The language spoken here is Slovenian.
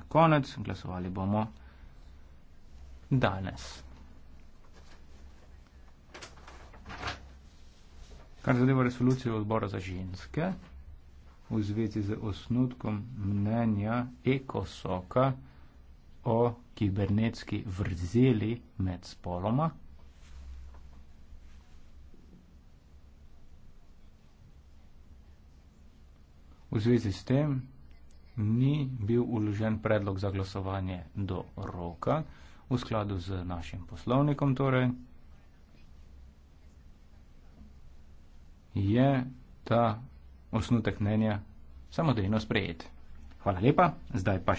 je konec, glasovali bomo danes. Kar zadeva resolucijo odbora za ženske v zvezi z osnutkom mnenja ekosoka o kibernetski vrzeli med spoloma. V zvezi s tem ni bil uložen predlog za glasovanje do roka, v skladu z našim poslovnikom torej, je ta osnutek mnenja samodejno sprejet. Hvala lepa, zdaj pa še